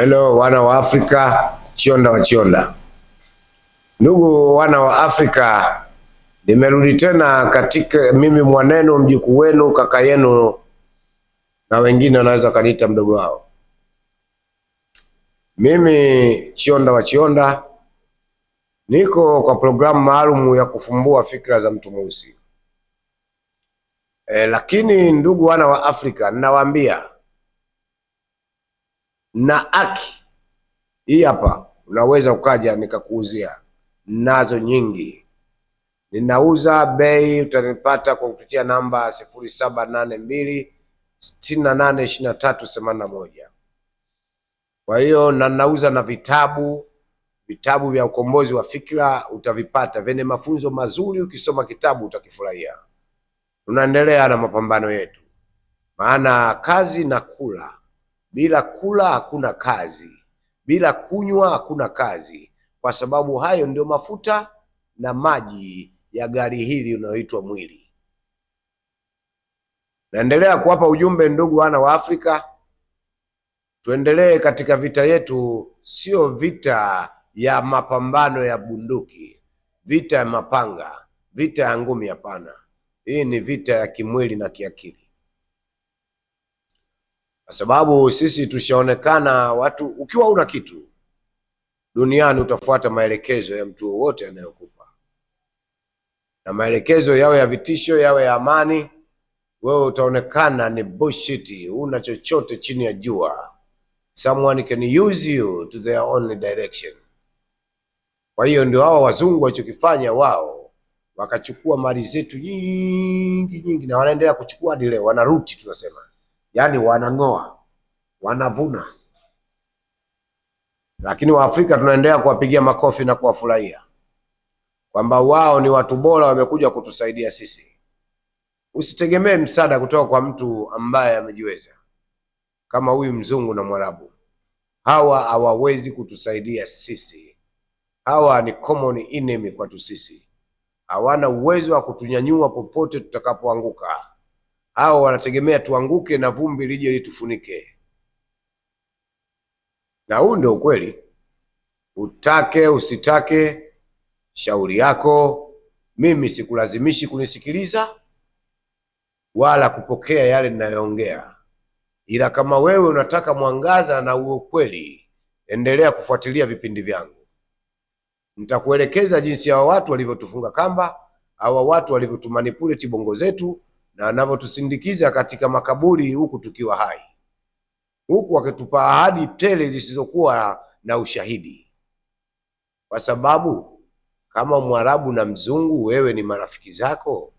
Hello wana wa Afrika, chionda wa chionda. Ndugu wana wa Afrika, nimerudi tena katika mimi mwanenu, mjukuu wenu, kaka yenu, na wengine wanaweza kaniita mdogo wao. Mimi chionda wa chionda niko kwa programu maalum ya kufumbua fikra za mtu mweusi. E, lakini ndugu wana wa Afrika ninawaambia na aki Hii hapa unaweza ukaja nikakuuzia nazo nyingi. Ninauza bei, utanipata kwa kupitia namba sifuri saba nane mbili sitini na nane ishirini na tatu themanini na moja. Kwa hiyo na nauza na vitabu vitabu vya ukombozi wa fikra utavipata, vyenye mafunzo mazuri. Ukisoma kitabu utakifurahia. Tunaendelea na mapambano yetu, maana kazi na kula bila kula hakuna kazi, bila kunywa hakuna kazi, kwa sababu hayo ndio mafuta na maji ya gari hili unayoitwa mwili. Naendelea kuwapa ujumbe, ndugu wana wa Afrika, tuendelee katika vita yetu, sio vita ya mapambano ya bunduki, vita ya mapanga, vita ya ngumi, hapana. Hii ni vita ya kimwili na kiakili kwa sababu sisi tushaonekana watu. Ukiwa una kitu duniani utafuata maelekezo ya mtu wowote anayokupa, na maelekezo yawe ya vitisho, yawe ya amani, wewe utaonekana ni bullshit, una chochote chini ya jua. Someone can use you to their only direction. Kwa hiyo ndio hao wazungu walichokifanya wao, wakachukua mali zetu nyingi nyingi, na wanaendelea kuchukua hadi leo, wanaruti tunasema yaani wanang'oa, wanavuna, lakini Waafrika tunaendelea kuwapigia makofi na kuwafurahia kwamba wao ni watu bora, wamekuja kutusaidia sisi. Usitegemee msaada kutoka kwa mtu ambaye amejiweza kama huyu mzungu na Mwarabu. Hawa hawawezi kutusaidia sisi, hawa ni common enemy kwetu sisi, hawana uwezo wa kutunyanyua popote tutakapoanguka au wanategemea tuanguke na vumbi lije litufunike. Na huu ndio ukweli, utake usitake, shauri yako. Mimi sikulazimishi kunisikiliza wala kupokea yale ninayoongea, ila kama wewe unataka mwangaza na uo ukweli, endelea kufuatilia vipindi vyangu. Nitakuelekeza jinsi ya watu walivyotufunga kamba, hawa watu walivyotumanipuleti bongo zetu na anavyotusindikiza katika makaburi huku tukiwa hai, huku akitupa ahadi tele zisizokuwa na ushahidi, kwa sababu kama Mwarabu na Mzungu wewe ni marafiki zako,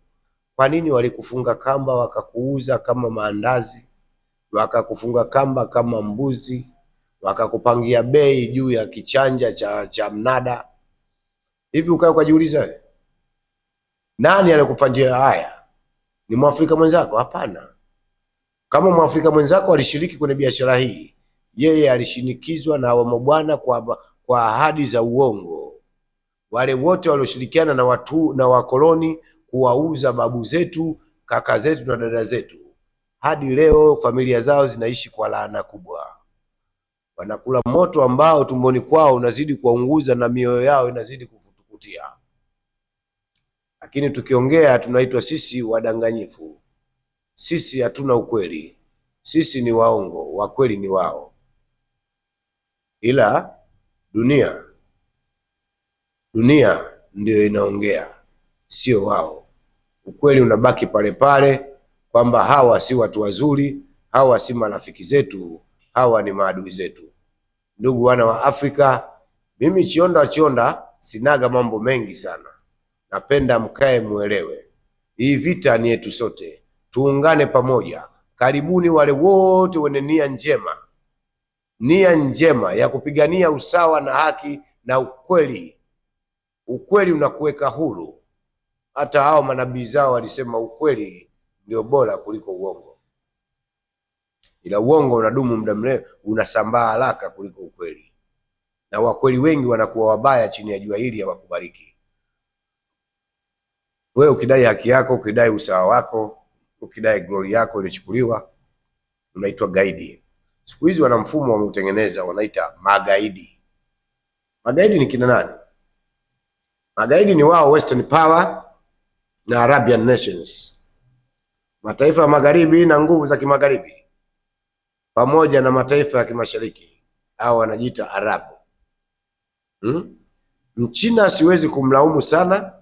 kwa nini walikufunga kamba wakakuuza kama maandazi, wakakufunga kamba kama mbuzi, wakakupangia bei juu ya kichanja cha, cha mnada? Hivi ukae ukajiuliza nani alikufanyia haya? ni Mwafrika mwenzako? Hapana. Kama Mwafrika mwenzako alishiriki kwenye biashara hii, yeye alishinikizwa na wamabwana kwa, kwa ahadi za uongo. Wale wote walioshirikiana na watu na wakoloni kuwauza babu zetu, kaka zetu na dada zetu, hadi leo familia zao zinaishi kwa laana kubwa, wanakula moto ambao tumboni kwao unazidi kuwaunguza na mioyo yao inazidi kufutukutia lakini tukiongea tunaitwa sisi wadanganyifu, sisi hatuna ukweli, sisi ni waongo, wakweli ni wao. Ila dunia dunia ndiyo inaongea, sio wao. Ukweli unabaki pale pale kwamba hawa si watu wazuri, hawa si marafiki zetu, hawa ni maadui zetu. Ndugu wana wa Afrika, mimi Chionda Chionda sinaga mambo mengi sana Napenda mkae mwelewe, hii vita ni yetu sote, tuungane pamoja. Karibuni wale wote wenye nia njema, nia njema ya kupigania usawa na haki na ukweli. Ukweli unakuweka huru. Hata hao manabii zao walisema ukweli ndio bora kuliko uongo, ila uongo unadumu muda mrefu, unasambaa haraka kuliko ukweli, na wakweli wengi wanakuwa wabaya chini ya jua hili, hawakubariki. Wewe ukidai haki yako, ukidai usawa wako, ukidai glory yako ilichukuliwa, unaitwa gaidi. Siku hizi wana mfumo wameutengeneza, wanaita magaidi. Magaidi ni kina nani? Magaidi ni wao Western Power na Arabian Nations, mataifa ya magharibi na nguvu za kimagharibi, pamoja na mataifa ya kimashariki au wanajiita Arabu. Hmm? Mchina siwezi kumlaumu sana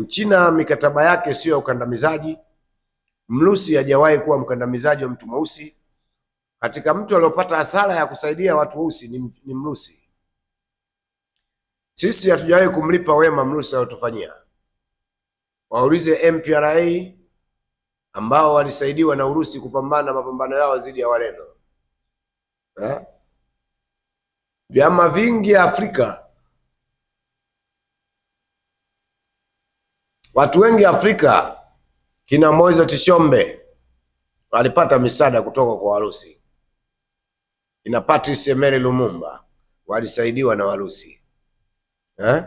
Mchina mikataba yake sio ya ukandamizaji. Mrusi hajawahi kuwa mkandamizaji wa mtu mweusi. Katika mtu aliopata hasara ya kusaidia watu weusi ni, ni Mrusi. Sisi hatujawahi kumlipa wema Mrusi aliyotufanyia. Waulize MPRA ambao walisaidiwa na Urusi kupambana mapambano yao dhidi ya Wareno. Eh? Vyama vingi Afrika Watu wengi Afrika, kina Moizo Tishombe walipata misaada kutoka kwa Warusi, kina Patrice Emery Lumumba walisaidiwa na Warusi eh?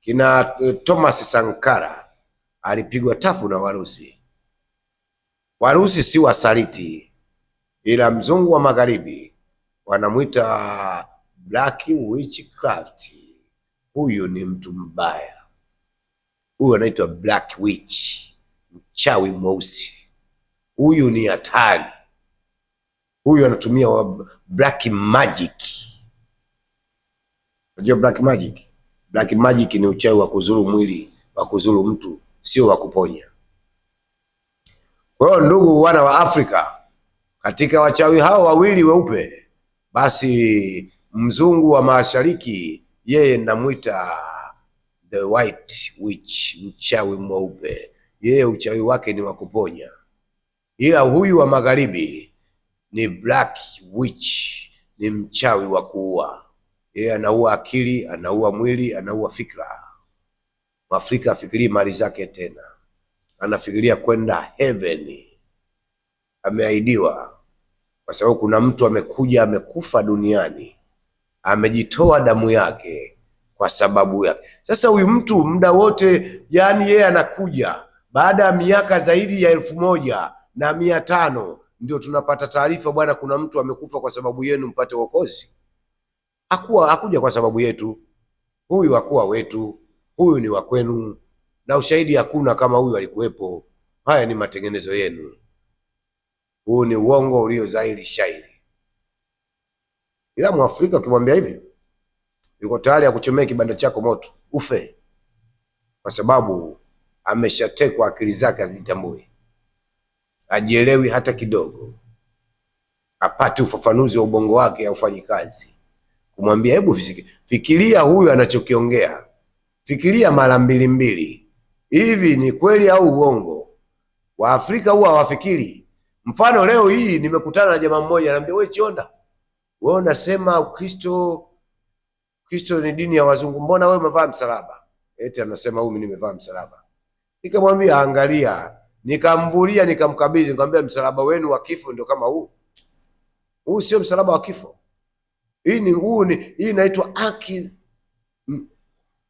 Kina eh, Thomas Sankara alipigwa tafu na Warusi. Warusi si wasaliti, ila mzungu wa magharibi wanamwita black witchcraft. Huyu ni mtu mbaya. Huyu anaitwa black witch, mchawi mweusi. Huyu ni hatari, huyu anatumia black magic. Unajua black magic? Black magic ni uchawi wa kuzuru mwili, wa kuzuru mtu, sio wa kuponya. Kwa hiyo ndugu wana wa Afrika, katika wachawi hao wawili weupe, basi mzungu wa mashariki yeye namwita the white witch, mchawi mweupe, yeye uchawi wake ni wa kuponya, ila huyu wa magharibi ni black witch, ni mchawi wa kuua. Yeye anaua akili, anaua mwili, anaua fikra. Mwafrika afikirii mali zake tena, anafikiria kwenda heaven, ameahidiwa kwa sababu kuna mtu amekuja amekufa duniani, amejitoa damu yake kwa sababu yake. Sasa huyu mtu muda wote, yani yeye anakuja baada ya miaka zaidi ya elfu moja na mia tano ndio tunapata taarifa, bwana, kuna mtu amekufa kwa sababu yenu mpate wokozi. Akuwa hakuja kwa sababu yetu, huyu hakuwa wetu, huyu ni wa kwenu, na ushahidi hakuna kama huyu alikuwepo. Haya ni matengenezo yenu. Huu ni uongo ulio shairi, ila Mwafrika ukimwambia hivyo yuko tayari akuchomea kibanda chako moto ufe, kwa sababu ameshatekwa, akili zake hazitambui, ajielewi hata kidogo, apate ufafanuzi wa ubongo wake, haufanyi kazi kumwambia hebu fikiria huyu anachokiongea, fikiria mara mbili mbili, hivi ni kweli au uongo? Waafrika huwa hawafikiri. Mfano leo hii nimekutana na jamaa mmoja ananiambia, wewe Chionda, wewe unasema Ukristo Kristo ni dini ya wazungu, mbona wewe umevaa msalaba? Eti anasema huyu mimi nimevaa msalaba. Nikamwambia angalia, nikamvulia, nikamkabidhi, nikamwambia msalaba wenu wa kifo ndio kama huu. Huu sio msalaba wa kifo. Hii ni huu ni hii inaitwa aki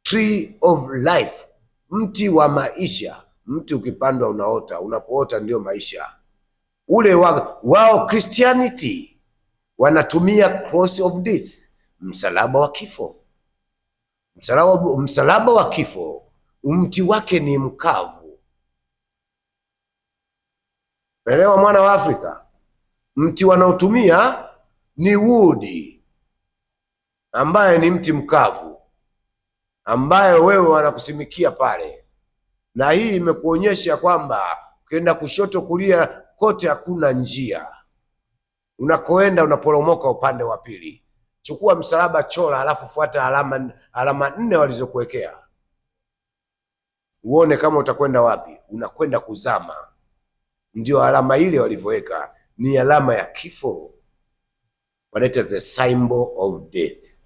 tree of life, mti wa maisha. Mti ukipandwa unaota, unapoota ndio maisha. Ule wa, wao Christianity wanatumia cross of death msalaba wa kifo. Msalaba, msalaba wa kifo mti wake ni mkavu. Elewa mwana wa Afrika, mti wanaotumia ni wudi, ambaye ni mti mkavu, ambaye wewe wanakusimikia pale, na hii imekuonyesha kwamba ukienda kushoto, kulia, kote hakuna njia, unakoenda unaporomoka upande wa pili chukua msalaba, chola alafu fuata alama alama nne walizokuwekea, uone kama utakwenda wapi. Unakwenda kuzama, ndio alama ile walivyoweka, ni alama ya kifo, wanaita the symbol of death.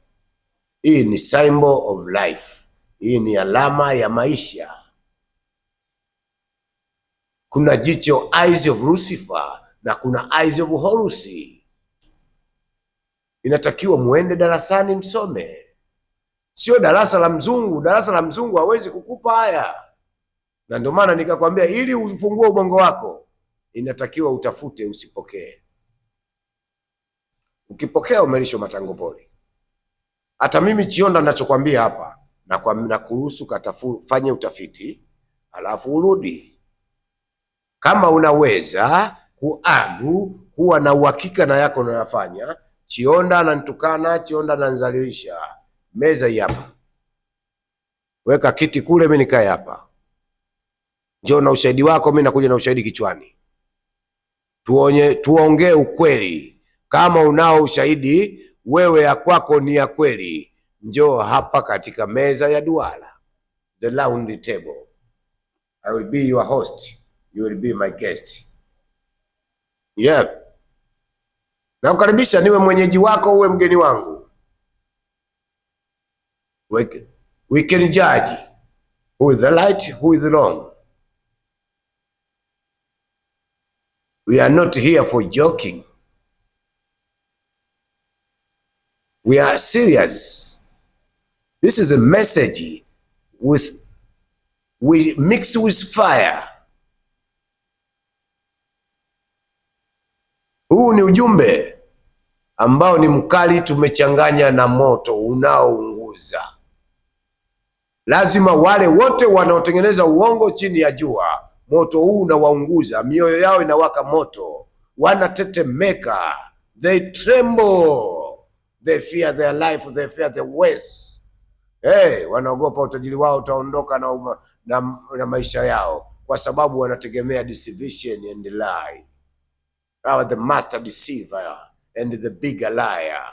Hii ni symbol of life, hii ni alama ya maisha. Kuna jicho eyes of Lucifer na kuna eyes of Horusi inatakiwa muende darasani msome, sio darasa la mzungu. Darasa la mzungu hawezi kukupa haya, na ndio maana nikakwambia, ili ufungue ubongo wako inatakiwa utafute, usipokee. Ukipokea umelisho matango pori. Hata mimi Chionda, ninachokwambia hapa na kwa na kuruhusu katafu, fanye utafiti alafu urudi kama unaweza kuagu kuwa na uhakika na yako unayofanya Chionda ananitukana, Chionda ananizalilisha. Meza hii hapa, weka kiti kule, mimi nikae hapa. Njoo na ushahidi wako, mimi nakuja na ushahidi kichwani. Tuonye, tuongee ukweli. Kama unao ushahidi wewe ya kwako ni ya kweli, njoo hapa katika meza ya duara, the round table. I will be your host, you will be my guest. Yeah. Nakukaribisha niwe mwenyeji wako, uwe mgeni wangu. We can judge who is the light, who is wrong. We are not here for joking. We are serious. This is a message with we mix with fire. Huu ni ujumbe ambao ni mkali, tumechanganya na moto unaounguza. Lazima wale wote wanaotengeneza uongo chini ya jua, moto huu unawaunguza, mioyo yao inawaka moto, wanatetemeka, they tremble, they fear their life, they fear the worst. Hey, wanaogopa utajiri wao utaondoka na, na, na maisha yao, kwa sababu wanategemea deception and lie are the master deceiver and the bigger liar.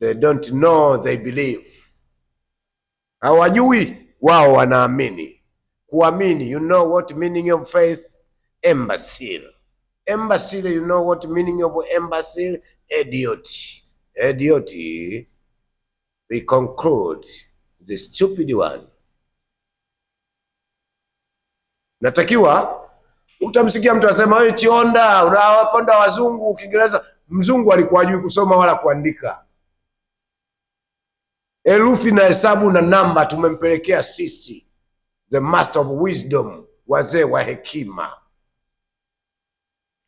They don't know, they believe. Hawajui, wao wanaamini. Kuamini, you know what meaning of faith? Imbecile. Imbecile, you know what meaning of imbecile? Idiot. Idiot. We conclude the stupid one. Natakiwa Utamsikia mtu asema wewe Chionda, unawaponda wazungu Kiingereza. Mzungu alikuwa ajui kusoma wala kuandika. Herufi na hesabu na namba tumempelekea sisi, the master of wisdom, wazee wa hekima.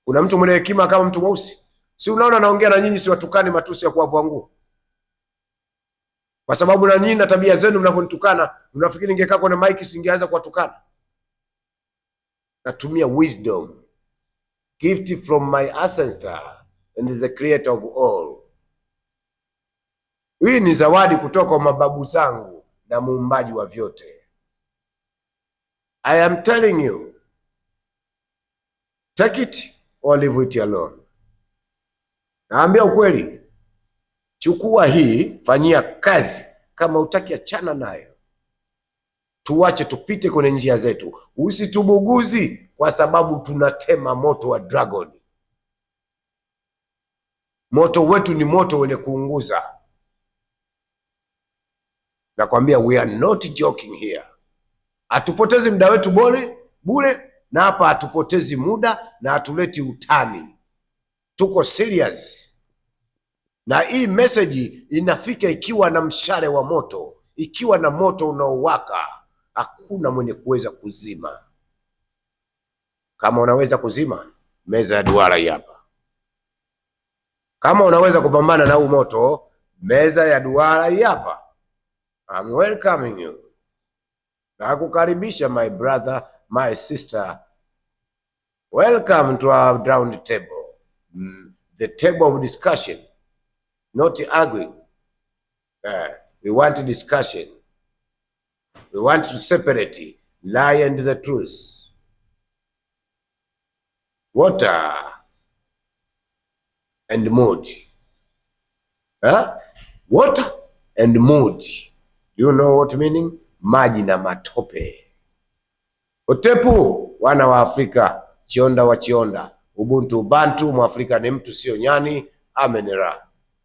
Kuna mtu mwenye hekima kama mtu mweusi? Si unaona naongea na nyinyi, siwatukani matusi ya kuwavua nguo, kwa sababu na nyinyi na tabia zenu mnavyonitukana, unafikiri ningekaa kwenye maiki singeanza kuwatukana? natumia wisdom, gift from my ancestor and the creator of all. Hii ni zawadi kutoka kwa mababu zangu na muumbaji wa vyote. I am telling you, take it or leave it alone. Naambia ukweli, chukua hii, fanyia kazi, kama utaki achana nayo tuache tupite kwenye njia zetu, usitubuguzi kwa sababu tunatema moto wa dragon. Moto wetu ni moto wenye kuunguza. Nakwambia, we are not joking here. Hatupotezi muda wetu bole bule na hapa hatupotezi muda na hatuleti utani, tuko serious na hii meseji inafika ikiwa na mshale wa moto, ikiwa na moto unaowaka hakuna mwenye kuweza kuzima. Kama unaweza kuzima meza ya duara hapa. Kama unaweza kupambana na huu moto, meza ya duara hapa. I'm welcoming you. Nakukaribisha my brother, my sister. Welcome to our round table. Mm, the table of discussion, not arguing. Uh, we want discussion. We want to separate lie and the truth. Water and mood. Huh? Water and mood. You know what meaning? Maji na matope. Otepu wana wa Afrika, Chionda wa Chionda, Ubuntu Ubantu, Mwafrika ni mtu sio nyani. Amenera.